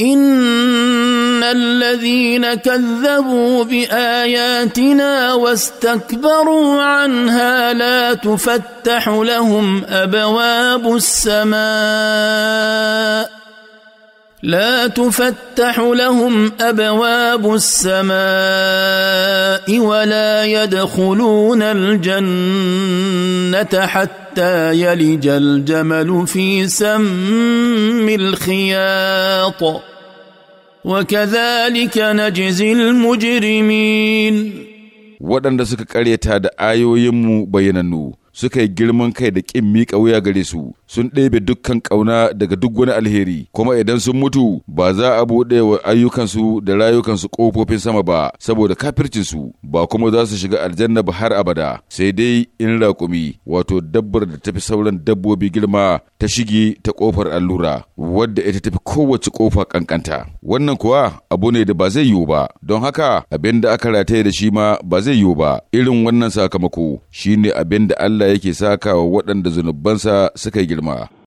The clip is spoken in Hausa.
ان الذين كذبوا باياتنا واستكبروا عنها لا تفتح لهم ابواب السماء لا تفتح لهم ابواب السماء ولا يدخلون الجنه حتى يلج الجمل في سم الخياط وكذلك نجزي المجرمين waɗanda suka ƙaryata da ayoyinmu bayyanannu suka yi girman kai da ƙin miƙa wuya gare su sun ɗebe dukkan ƙauna daga duk wani alheri kuma idan sun mutu ba za a buɗe wa ayyukansu da rayukansu ƙofofin sama ba saboda su ba kuma za su shiga aljanna ba har abada sai dai in raƙumi wato dabbar da tafi sauran dabbobi girma ta shige ta ƙofar allura wadda ita tafi kowace ƙofa ƙanƙanta wannan kuwa abu ne da ba zai yiwu ba don haka abin da aka rataye da shi ma ba zai yiwu ba irin wannan sakamako shine abin da Allah Allah yake saka wa waɗanda zunubansa suka girma.